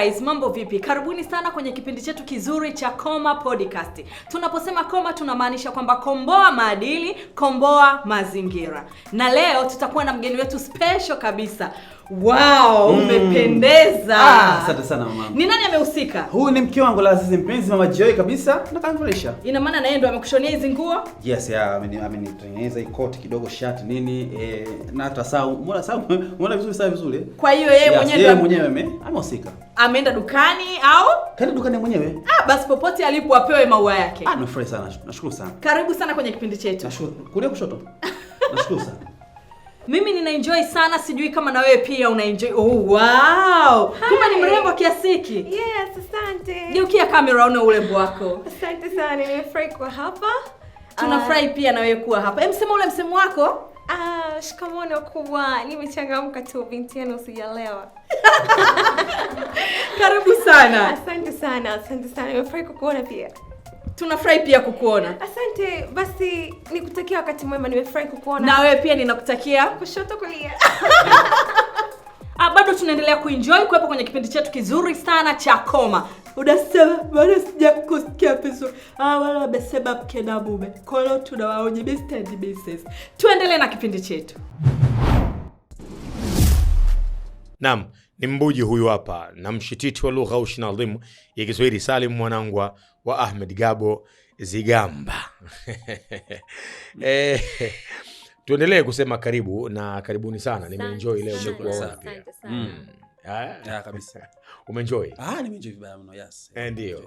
guys, mambo vipi? Karibuni sana kwenye kipindi chetu kizuri cha Koma Podcast. Tunaposema koma, tunamaanisha kwamba komboa maadili, komboa mazingira, na leo tutakuwa na mgeni wetu special kabisa Wow, mm. Umependeza. Ah, sana mama. Ni nani amehusika? Huyu ni mke wangu lazizi mpenzi mama Joy kabisa. Nakamvulisha. Ina maana na yeye ndo amekushonia hizi nguo? Yes, yeah, amenitengeneza hii koti kidogo shirt nini eh, na hata saa mbona saa mbona vizuri saa vizuri. Kwa hiyo yeye mwenyewe ndio mwenyewe amehusika. Ameenda dukani au? Kaenda dukani mwenyewe. Ah, basi popote alipo apewe maua yake. Ah, nafurahi sana. Nashukuru sana. Karibu sana kwenye kipindi chetu. Nashukuru. Kulia kushoto. Nashukuru sana. Mimi ninaenjoy sana, sijui kama na wewe pia unaenjoy. Oh, wow. Hi. Kumbe ni mrembo kiasi hiki. Yes, asante. Geukia kamera uone urembo wako. Asante sana, nimefurahi kuwa hapa. Tunafurahi uh, pia na wewe kuwa hapa. Hem, sema ule msemo wako. Ah, uh, shikamoo kubwa. Nimechangamka tu binti yenu usijalewa. Karibu sana. Asante sana, asante sana. Nimefurahi kukuona pia. Tunafurahi pia kukuona. Asante. Basi nikutakia wakati mwema, nimefurahi kukuona. Na wewe pia ninakutakia kushoto kulia. Ah, bado tunaendelea kuenjoy kuwepo kwenye kipindi chetu kizuri sana cha Koma. Unasema bado sijakusikia vizuri. Ah, wala wamesema mke na mume. Kwa hiyo tunawaonya Mr. and Mrs. Tuendelee na kipindi chetu. Naam, ni mbuji huyu hapa na mshititi wa lugha ushinadhimu ya Kiswahili Salim Mwanangwa wa Ahmed Gabo Zigamba. eh, tuendelee kusema karibu na karibuni sana, nimeenjoy leo kuwaona pia. Mm. Ah, kabisa. Umeenjoy? Ah, nimeenjoy vibaya mno, yes. Eh, ndio.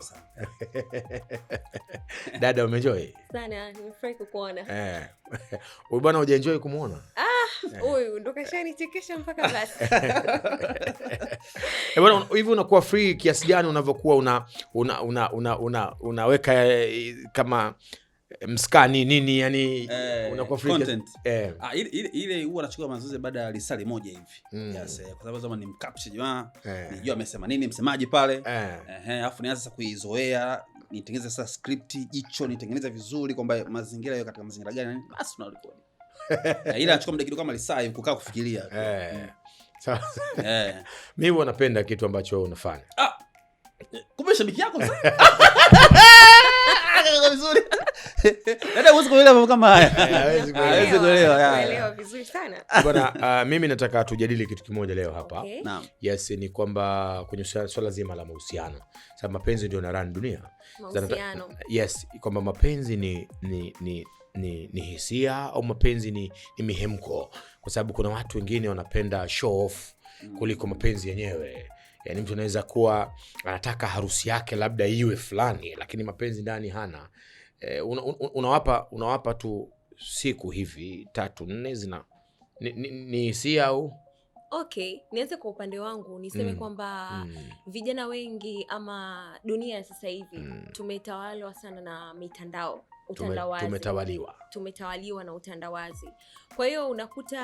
Dada umeenjoy? Sana, nimefurahi kukuona. Eh. Huyu bwana hujaenjoy kumuona? Ah, eh. huyu ndo kashanichekesha mpaka basi. Eh, hivi unakuwa free kiasi gani unavyokuwa una, una, una, una, una, unaweka eh, kama eh, mskani nini yani eh, unakuwa free content eh. Ah, ile ile huwa anachukua mazoezi baada ya lisali moja hivi mm. Yes, eh, kwa sababu zama ni mkapishe jamaa eh. Nijua amesema nini msemaji pale eh. Eh, afu nianza sasa kuizoea nitengeneze sasa script jicho nitengeneze vizuri kwamba mazingira yao katika mazingira gani basi tunarekodi. ila anachukua muda kidogo kama lisaa kukaa kufikiria eh. Mm. Eh. mi huwa napenda kitu ambacho unafanya ah. kumbe shabiki yako mimi nataka tujadili kitu kimoja leo hapa okay. Yes, ni kwamba kwenye swala zima la mahusiano sa mapenzi ndio narani dunia Zanata, yes, kwamba mapenzi ni, ni, ni, ni, ni hisia au mapenzi ni, ni mihemko kwa sababu kuna watu wengine wanapenda show off kuliko mapenzi yenyewe. Yani mtu anaweza kuwa anataka harusi yake labda iwe fulani, lakini mapenzi ndani hana. E, unawapa una unawapa tu siku hivi tatu nne zina ni hisia au ok nianze kwa upande wangu niseme mm. kwamba mm. vijana wengi ama dunia ya sasa hivi mm. tumetawalwa sana na mitandao utandawazi. Tumetawaliwa, tumetawaliwa na utandawazi. Kwa hiyo unakuta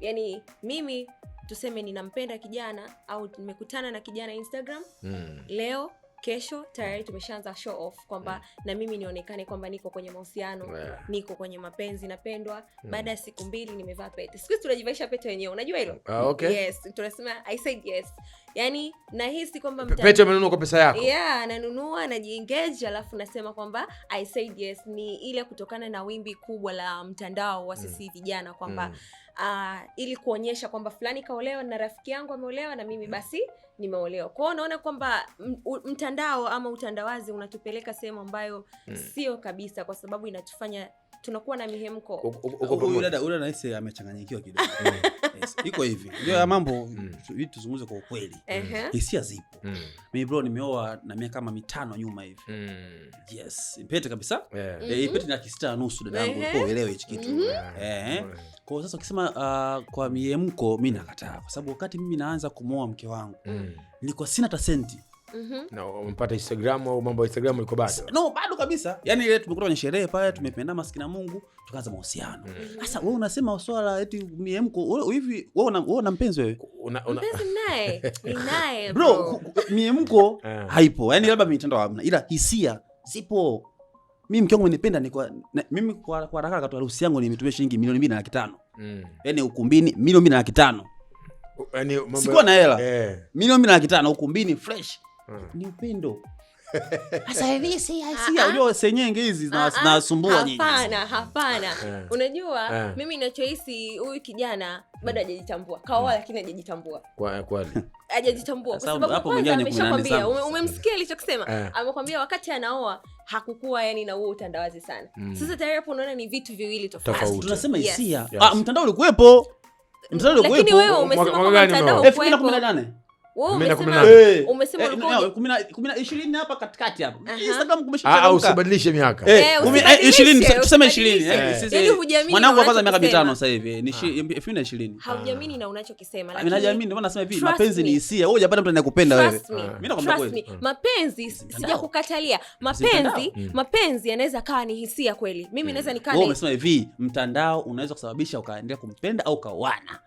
yani, mimi tuseme ninampenda kijana au nimekutana na kijana Instagram mm. leo kesho tayari tumeshaanza show off kwamba mm. na mimi nionekane kwamba niko kwenye mahusiano yeah. niko kwenye mapenzi napendwa mm. baada ya siku mbili nimevaa pete. Siku hizi tunajivaisha pete wenyewe, unajua hilo uh, okay. Yes, tunasema I said yes, yani nahisi kwamba pete amenunua kwa pesa yako yeah, nanunua najiengage, alafu nasema kwamba I said yes. Ni ile kutokana na wimbi kubwa la mtandao wa mm. sisi mm. vijana kwamba mm. uh, ili kuonyesha kwamba fulani kaolewa na rafiki yangu ameolewa na mimi mm. basi mm nimeolewa. kwao unaona kwamba mtandao ama utandawazi unatupeleka sehemu ambayo hmm. sio kabisa, kwa sababu inatufanya tunakuwa na mihemko. Huyu amechanganyikiwa kidogo. Yes. Iko hivi ndio ya mambo mm. tuzungumze kwa ukweli mm. hisia zipo mm. bro, nimeoa na miaka kama mitano nyuma hivi mm. yes, pete kabisa yeah. mm -hmm. na nusu dada uelewe hichi kitu mhm. kwao sasa ukisema uh, kwa miemko, mi nakataa kwa sababu wakati mimi naanza kumwoa mke wangu mm. Mm. nilikuwa sina hata mhm. bado? kabisa. Yaani tumekuta kwenye sherehe pale tumependa maskini na Mungu, tukaanza mahusiano. Mm. Mhm. Sasa mm unasema swala hivi una mpenzi wewe? ni eh. haipo. Yaani labda ila hisia sipo. Mimi mke wangu kwa mimi kwa kwa tu harusi yangu nimetumia shilingi milioni mbili na laki tano. Mm. Yaani ukumbini milioni mbili na laki tano. Yaani Mamba... sikuwa na hela yeah. milioni mbili na laki tano mbini fresh mm. ni upendo ah, ah. senyenge hizi ah, zinasumbua nyinyi. Hapana, hapana. Eh. Unajua eh. mimi ninachohisi huyu kijana bado hajajitambua. Kaoa hmm. lakini hajajitambua. Kwa kweli. Hajajitambua kwa sababu ameshakwambia, umemsikia alichokisema? Eh. Amekwambia wakati anaoa hakukuwa yani na huo utandawazi sana. Hmm. Sasa tayari hapo unaona ni vitu viwili tofauti. Tunasema hisia. Ah, mtandao ulikuwepo mtandao. Lakini wewe umesema kwa mtandao, elfu mbili na kumi nane Eh, ishirini hapa katikati hapa ah, ah, usibadilishe miaka wa kwanza miaka mitano sasa ah. elfu mbili na ishirini. hivi mapenzi ni hisia, wewe mtu anayekupenda wewe. sijakukatalia, mapenzi hmm. mapenzi yanaweza kawa ni hisia kweli. Mimi hmm. naweza nikaa, hivi mtandao unaweza kusababisha ukaendelea kumpenda au kawana.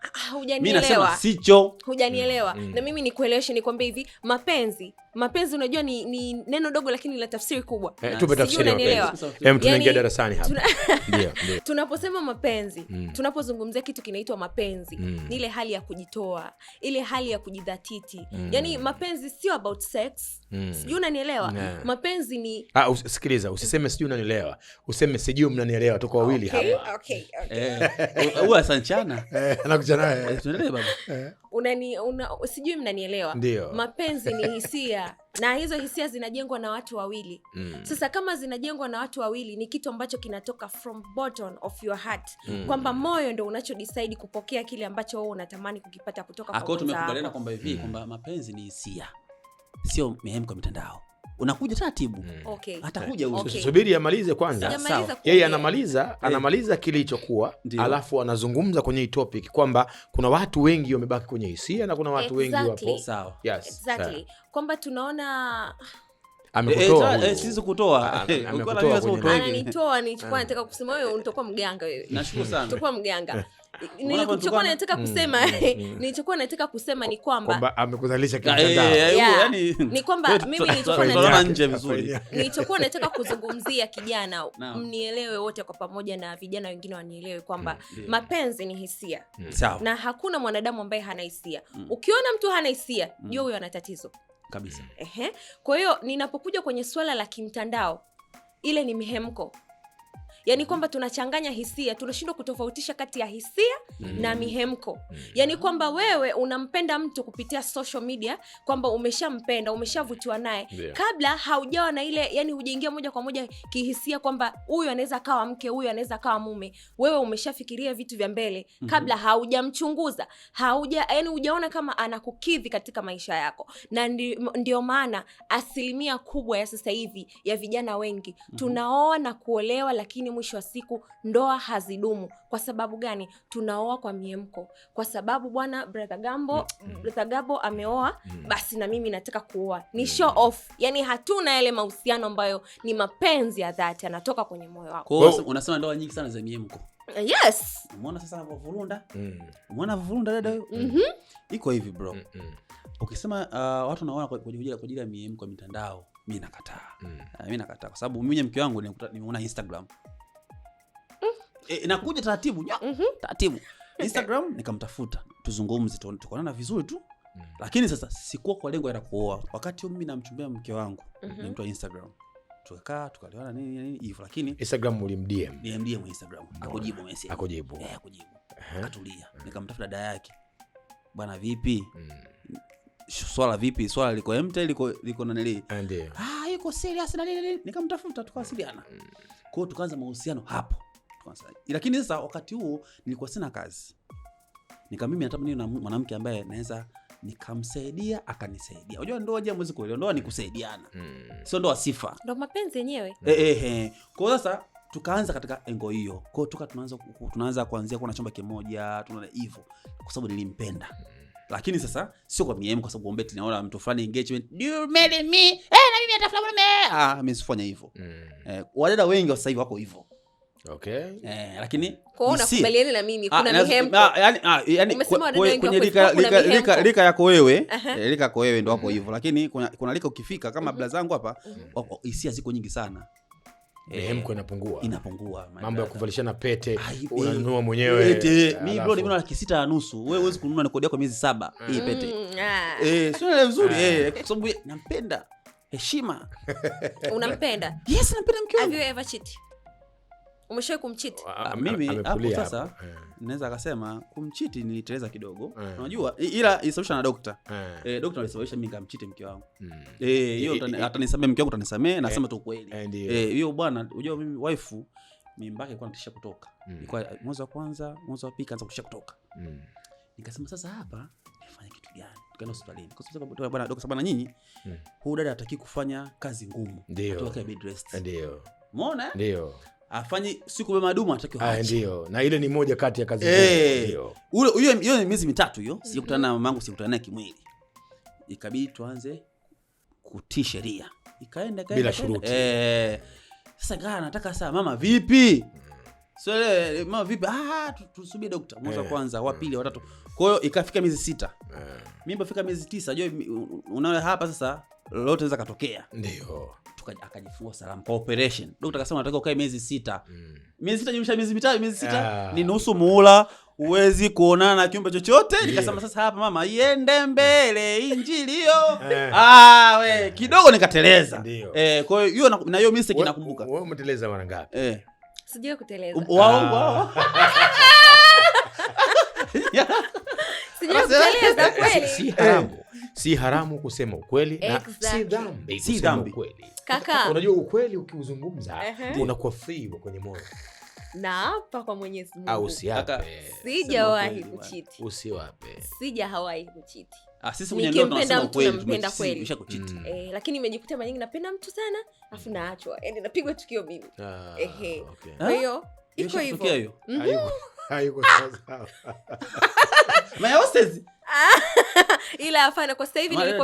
sicho, hujanielewa hmm. na mimi nikueleweshe, nikwambie hivi, mapenzi mapenzi, unajua ni, ni neno dogo lakini la tafsiri kubwa. Eh, tupe tafsiri unanielewa? tunaingia yaani, darasani hapa. Ndio, ndio. Tunaposema mapenzi, mm. tunapozungumzia kitu kinaitwa mapenzi, mm. ni ile hali ya kujitoa, ile hali ya kujidhatiti. Mm. yani mapenzi sio about sex. Mm. Sijui unanielewa? Yeah. Mapenzi ni Ah, usikiliza, usiseme sijui unanielewa. Useme sijui mnanielewa tuko wawili okay, hapa. Okay, okay. Eh, huwa sanchana. Eh, eh, Unani una, sijui mnanielewa unanielewa? Mapenzi ni hisia na hizo hisia zinajengwa na watu wawili mm. Sasa kama zinajengwa na watu wawili, ni kitu ambacho kinatoka from bottom of your heart mm. kwamba moyo ndo unacho kupokea kile ambacho wewe unatamani kukipata kutoka ah, kwa. Tumekubaliana kwamba hivi mm. kwamba mapenzi ni hisia, sio mehemu kwa mitandao unakuja taratibu mm. okay. Atakuja okay. Subiri amalize kwanza, yeye anamaliza eh. anamaliza kilichokuwa, alafu anazungumza kwenye hii topic kwamba kuna watu wengi wamebaki kwenye hisia na kuna watu exactly. wengi wapo yes. exactly. kwamba tunaona amekutoa eh, ah, ah. nataka kusema hmm. Hmm. nilichokuwa nataka kusema ni kwambaamekuzalisha amekuzalisha ah, eh, eh, yaani- ni kwamba nilichokuwa nataka kuzungumzia kijana, mnielewe wote kwa pamoja, na vijana wengine wanielewe kwamba hmm. mapenzi ni hisia na hakuna mwanadamu ambaye hana hisia. Ukiona mtu hana hisia, jua huyo ana tatizo kabisa. Ehe. Kwa hiyo ninapokuja kwenye swala la kimtandao, ile ni mihemko yani kwamba tunachanganya hisia, tunashindwa kutofautisha kati ya hisia mm. na mihemko mm. yani kwamba wewe unampenda mtu kupitia social media, kwamba umeshampenda umeshavutiwa naye yeah. kabla haujawa na ile yani, hujaingia moja kwa moja kihisia kwamba huyu anaweza akawa mke, huyu anaweza akawa mume, wewe umeshafikiria vitu vya mbele mm -hmm. kabla haujamchunguza hauja, yani hujaona kama anakukidhi katika maisha yako, na ndio maana asilimia kubwa ya sasa hivi ya vijana wengi mm -hmm. tunaoa na kuolewa lakini mwisho wa siku ndoa hazidumu. Kwa sababu gani? Tunaoa kwa miemko, kwa sababu bwana brother Gambo, mm. mm. brother Gabo ameoa, mm. basi na mimi nataka kuoa. Ni mm. show off, yani hatuna yale mahusiano ambayo ni mapenzi ya dhati, anatoka kwenye moyo wako. Kwa hiyo unasema ndoa nyingi sana za miemko. Yes. Umeona sasa anavyovurunda? Mm. Umeona anavyovurunda dada huyo? Mm-hmm. Mm-hmm. Iko hivi bro. Mm Ukisema uh, watu naona kwa ajili ya miemko ya mitandao, mimi nakataa. Mm. Uh, Mimi nakataa kwa sababu mimi mke wangu nimeona Instagram. Eh, inakuja e, taratibu mm -hmm. taratibu Instagram nikamtafuta tuzungumze, tukonana vizuri tu mm -hmm. Lakini sasa sikuwa kwa lengo la kuoa, wakati mimi namchumbia mke wangu mm -hmm. wa Instagram tukakaa tukaliwana nini nini hivyo, lakini Instagram ulimdm DM Instagram akujibu message, akujibu eh, akujibu akatulia. Mm. Nikamtafuta dada yake, bwana vipi mm. Swala vipi, swala liko empty, liko liko nanili, ah, ndio ah, yuko serious na nini Nikamtafuta tukawasiliana, mm. kwa hiyo tukaanza mahusiano hapo lakini sasa wakati huo nilikuwa sina kazi, nikamimi mimi natamani na mwanamke ambaye naweza nikamsaidia akanisaidia. Unajua ndoa je, mwezi kuelewa ndoa ni kusaidiana, mm. sio ndoa sifa, ndo mapenzi yenyewe eh, eh, eh. Kwa sasa tukaanza katika engo hiyo, kwa tuka tunaanza tunaanza kuanzia kuwa na chumba kimoja, tunaona hivyo kwa sababu nilimpenda hmm. Lakini sasa sio kwa mimi, kwa sababu ombe tunaona mtu fulani engagement, do you marry me eh, na mimi atafuta mimi ah, mimi sifanya hivyo mm. Eh, wadada wengi sasa hivi wako hivyo kwenye rika yako wewe lika eh, eh, yako wewe ndo hapo mhm. hivo lakini kuna, rika ukifika kama mhm. bla zangu hapa mhm. hisia ziko nyingi sana eh, mihemko inapungua, inapungua mambo ya kuvalishana pete, ah, unanunua mwenyewe pete. Ah, bro nimeona laki sita na nusu, wewe huwezi kununua, nikodi yako miezi saba mm. hii pete mm, ah. eh, sio kwa sababu nampenda heshima. Unampenda? Yes, nampenda mke umeshawai kumchiti ah, mimi sasa eh. naweza akasema kumchiti niliteleza kidogo yeah. ila ilisababishwa na dokta yeah. eh, eh dokta alisababisha mi nikamchiti mke wangu hmm. eh, hiyo mm. eh, atanisamee mke wangu tanisamee nasema tu kweli hiyo eh, bwana ujua mimi waifu mimbake yake ilikuwa natisha kutoka mm. ilikuwa mwezi wa kwanza mwezi wa pili kaanza kutisha kutoka mm. nikasema sasa hapa fanya kitu gani tukaenda hospitalini bwana nyinyi mm. huyu dada ataki kufanya kazi ngumu ndio mona ndio afanye siku bema dumu anatakiwa ah, aache. Ndio, na ile ni moja kati ya kazi eh. hiyo. Ule hiyo ni miezi mitatu hiyo, sikutana na mamangu, sikutana naye kimwili, ikabidi tuanze kutii sheria, ikaenda bila shuruti eh. Sasa gani nataka sasa mama vipi? Hmm. So le, mama vipi? Ah, ah tusubie daktari mmoja eh. kwanza, wa pili, hmm. wa tatu. Kwa hiyo ikafika miezi sita, eh. mimba fika miezi tisa. unaona hapa sasa lolote linaweza kutokea. ndio alafu akajifungua Salam kwa operation. dokta akasema unatakiwa ukae miezi sita. Mm. Miezi sita jumlisha miezi mitatu, miezi sita yeah. Ni nusu muula huwezi kuonana na kiumbe chochote. Yeah. Nikasema sasa hapa mama iende mbele injilio. Ah, we kidogo nikateleza. Eh, kwa hiyo hiyo na hiyo mistake nakumbuka. Wewe umeteleza mara ngapi? Eh. Sijui kuteleza. Waongo um, wao. Ah. Sijui kuteleza kweli. Eh, si si, si, si, si, si, si, si, si haramu kusema ukweli exactly. na si dhambi si dhambi ukweli. Kaka, unajua ukweli ukiuzungumza uh-huh. unakuwa free kwenye moyo na hapa kwa Mwenyezi Mungu sijawahi kuchiti, usiwape, sija hawahi kuchiti. Nikimpenda mtu nampenda kweli, Mm. Eh, lakini nimejikuta mara nyingi napenda mtu sana afu mm. naachwa, yani napigwa tukio mimi. Ah, ehe. Eh? Kwa hiyo iko hivyo. ila hapana, kwa sasa hivi ah. eh,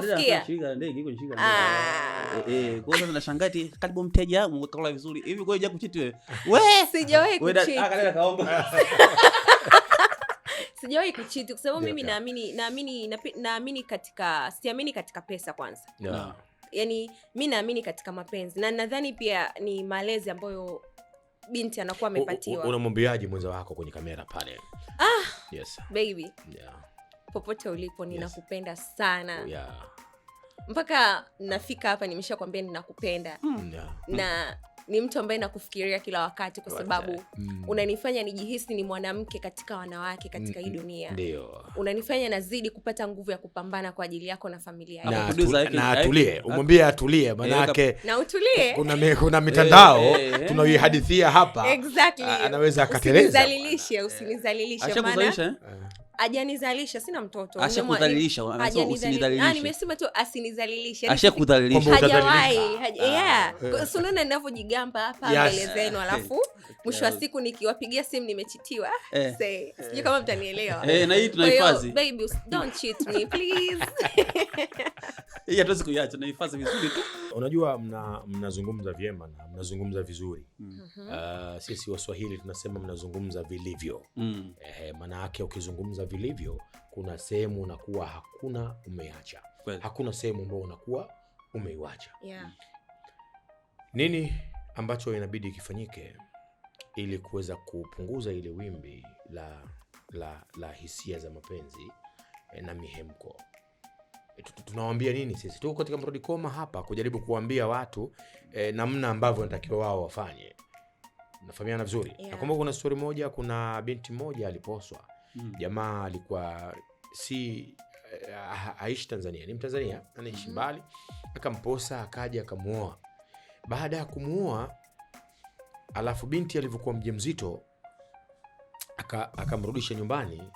eh, karibu mteja kala vizuri hivi, kwa kuchiti wewe, we sijawahi sijawahi kuchiti kwa sababu mimi naamini naamini naamini katika siamini katika pesa kwanza, yeah. Yani mi naamini katika mapenzi na nadhani pia ni malezi ambayo binti anakuwa amepatiwa. Unamwambiaje mwenza wako kwenye kamera pale? Ah, yes. Baby. Yeah. Popote ulipo ninakupenda yes. sana oh, yeah. Mpaka nafika hapa nimeshakwambia ninakupenda mm. yeah. na mm ni mtu ambaye nakufikiria kila wakati kwa sababu mm. unanifanya nijihisi ni mwanamke katika wanawake katika hii dunia. Ndio. Unanifanya nazidi kupata nguvu ya kupambana kwa ajili yako na familia yako. Na eh, eh, atulie, eh, umwambie atulie manake. Na utulie. Kuna kuna mitandao tunaoihadithia hapa. Exactly. Anaweza akateleza. Usinizalilishe, usinizalilishe maana ajanizalisha sina mtoto, ashakudhalilisha. Ah, nimesema tu asinizalilishe, yaani ashakudhalilisha, hajawahi. Ah, eh. Unaona ninavyojigamba hapa mbele zenu, eh, alafu eh. mwisho wa siku nikiwapigia simu nimechitiwa, ah, sijui kama mtanielewa. Na hii tunahifadhi, baby don't cheat me please. Hii hatuwezi kuiacha, vizuri tu. Unajua, mnazungumza vyema na mnazungumza vizuri. Mm. Mhm. Sisi Waswahili tunasema mnazungumza vilivyo, mm. maana yake ukizungumza vilivyo, kuna sehemu unakuwa hakuna umeacha well, hakuna sehemu ambayo unakuwa umeiwacha yeah. Nini ambacho inabidi kifanyike ili kuweza kupunguza ile wimbi la, la, la hisia za mapenzi eh, na mihemko? Eh, Tunawambia nini sisi? Tuko katika mrodi koma hapa kujaribu kuwambia watu eh, namna ambavyo natakiwa wao wafanye. Nafahamiana vizuri yeah. Nakumbuka kuna stori moja, kuna binti moja aliposwa mm. jamaa alikuwa si eh, aishi Tanzania, ni Mtanzania mm. anaishi mm. mbali, akamposa akaja akamuoa. Baada ya kumuoa, alafu binti alivyokuwa mzito akamrudisha nyumbani,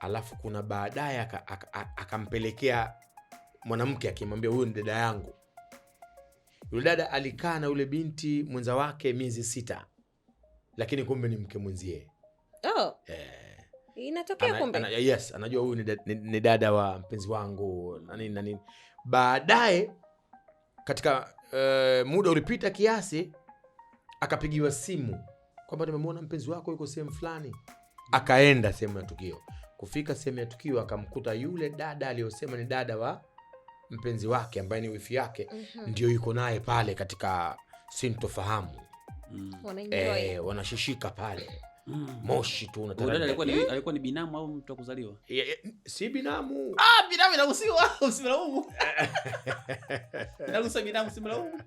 alafu kuna baadaye akampelekea mwanamke akimwambia, huyu ni dada yangu. Yule dada alikaa na yule binti mwenza wake miezi sita, lakini kumbe ni mke mwenzie. oh. eh inatokea kumbe ana, yes, anajua huyu ni, ni, ni dada wa mpenzi wangu na nini Baadaye katika uh, muda ulipita kiasi, akapigiwa simu kwamba nimemwona mpenzi wako yuko sehemu fulani. Akaenda sehemu ya tukio. Kufika sehemu ya tukio, akamkuta yule dada aliyosema ni dada wa mpenzi wake ambaye ni wifi yake mm -hmm. Ndio yuko naye pale katika sintofahamu mm. E, wanashishika pale Mm. Moshi tu unataraji. Alikuwa ni alikuwa ni binamu au mtu akuzaliwa? Si binamu. Ah, binamu inahusiwa, usimlaumu. Inahusiwa binamu, usimlaumu.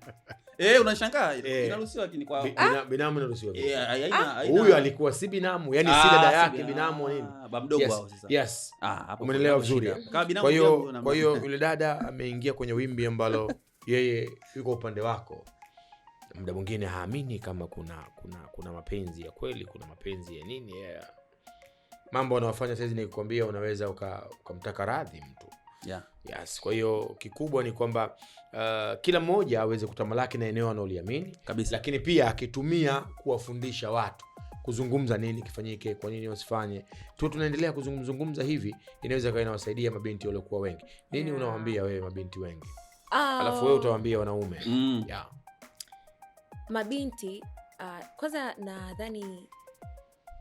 Eh, unashangaa inaruhusiwa eh. lakini kwa ah? binamu inaruhusiwa. Eh, ah? haina huyu alikuwa si binamu, yani si ah, dada yake binamu nini? Ba mdogo wao sasa. Yes. Ah, hapo umeelewa vizuri. Kwa hiyo kwa hiyo yule dada ameingia kwenye wimbi ambalo yeye yuko upande wako muda mwingine haamini kama kuna kuna kuna mapenzi ya kweli, kuna mapenzi ya nini yeah. Mambo anaofanya saizi nikikwambia unaweza ukamtaka uka radhi mtu yeah. Yes, kwa hiyo kikubwa ni kwamba uh, kila mmoja aweze kutamalaki na eneo anaoliamini lakini pia akitumia kuwafundisha watu kuzungumza nini kifanyike, kwa nini wasifanye. Tu tunaendelea kuzungumzungumza hivi, inaweza kawa inawasaidia mabinti waliokuwa wengi. Nini unawaambia wewe mabinti wengi? oh. Alafu wewe utawaambia wanaume mm. yeah mabinti uh, kwanza nadhani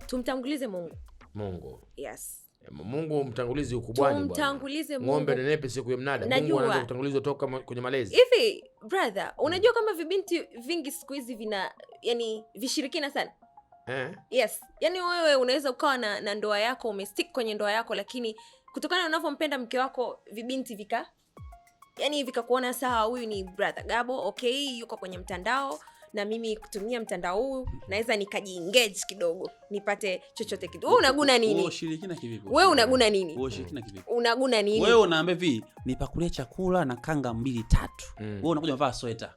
tumtangulize Mungu. Mungu, yes. Eh, Mungu mtangulizi ukubwani nenepe siku ya mnada. kutangulizwa toka kwenye malezi. Hivi brother, unajua mm. kama vibinti vingi siku hizi vina yani vishirikina sana. Eh? Yes. yani wewe unaweza ukawa na, na ndoa yako umestik kwenye ndoa yako lakini kutokana unavyompenda mke wako vibinti vika yani vikakuona sawa, huyu ni brother Gabo, okay, yuko kwenye mtandao na mimi kutumia mtandao huu mhm. naweza nikajiengage kidogo nipate chochote kidogo. Wewe unaguna nini? Ushirikina kivipi? Wewe unaguna nini? Ushirikina kivipi? Unaguna nini? Wewe unaambia hivi, nipakulie chakula na kanga mbili tatu. Mm. unakuja mvaa sweta.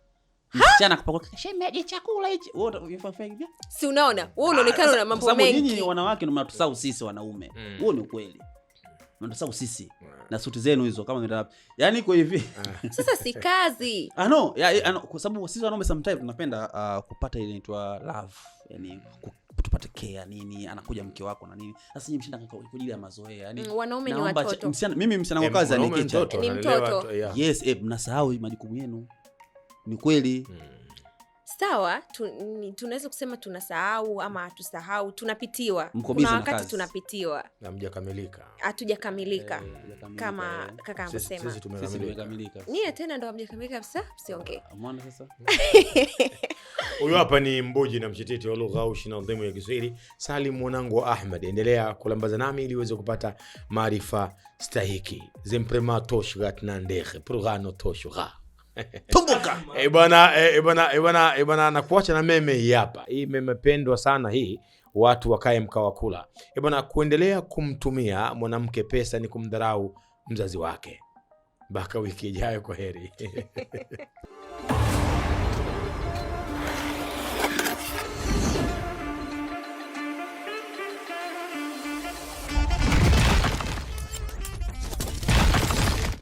Msichana kupakua shemeje chakula hichi. Wewe unafanya hivi? Si unaona? Wewe unaonekana ah, una mambo mengi. Sababu nyinyi wanawake ndio mnatusahau sisi wanaume. Mm. Huo mm. ni ukweli mnatasa sisi na suti zenu hizo kama ndio yani kwa hivi. Sasa si kazi. Ah no, ya, ano, kwa sababu sisi wanaume sometimes tunapenda uh, kupata ile inaitwa love. yani tupate care nini, anakuja mke wako na nini. Sasa nyinyi mshinda kwa ajili ya mazoea. Yaani wanaume ni watoto. cha, msiana, mimi msiana kwa kazi ni kichwa. Ni mtoto. Yes, eh, mnasahau majukumu yenu. Ni kweli. Hmm sawa tun, tunaweza kusema tunasahau ama hatusahau, tunapitiwa. Kuna wakati tunapitiwa, hamjakamilika, eh, hatujakamilika kama eh, kaka nyie tena ndo hamjakamilika kabisa, msiongee. Ah, Huyu hapa ni mbuji na mtetezi wa lugha au shina udhimu ya Kiswahili, Salim mwanangu wa Ahmed. Endelea kulambaza nami ili uweze kupata maarifa stahiki zemprema toshghat prugano toshgha Tumbuka. Eh, bwana eh, eh, bwana eh, bwana eh, bwana nakuacha na meme hii hapa. Hii meme pendwa sana hii. Watu wakae mkawa kula. Eh, bwana kuendelea kumtumia mwanamke pesa ni kumdharau mzazi wake. Mpaka wiki ijayo, kwa heri.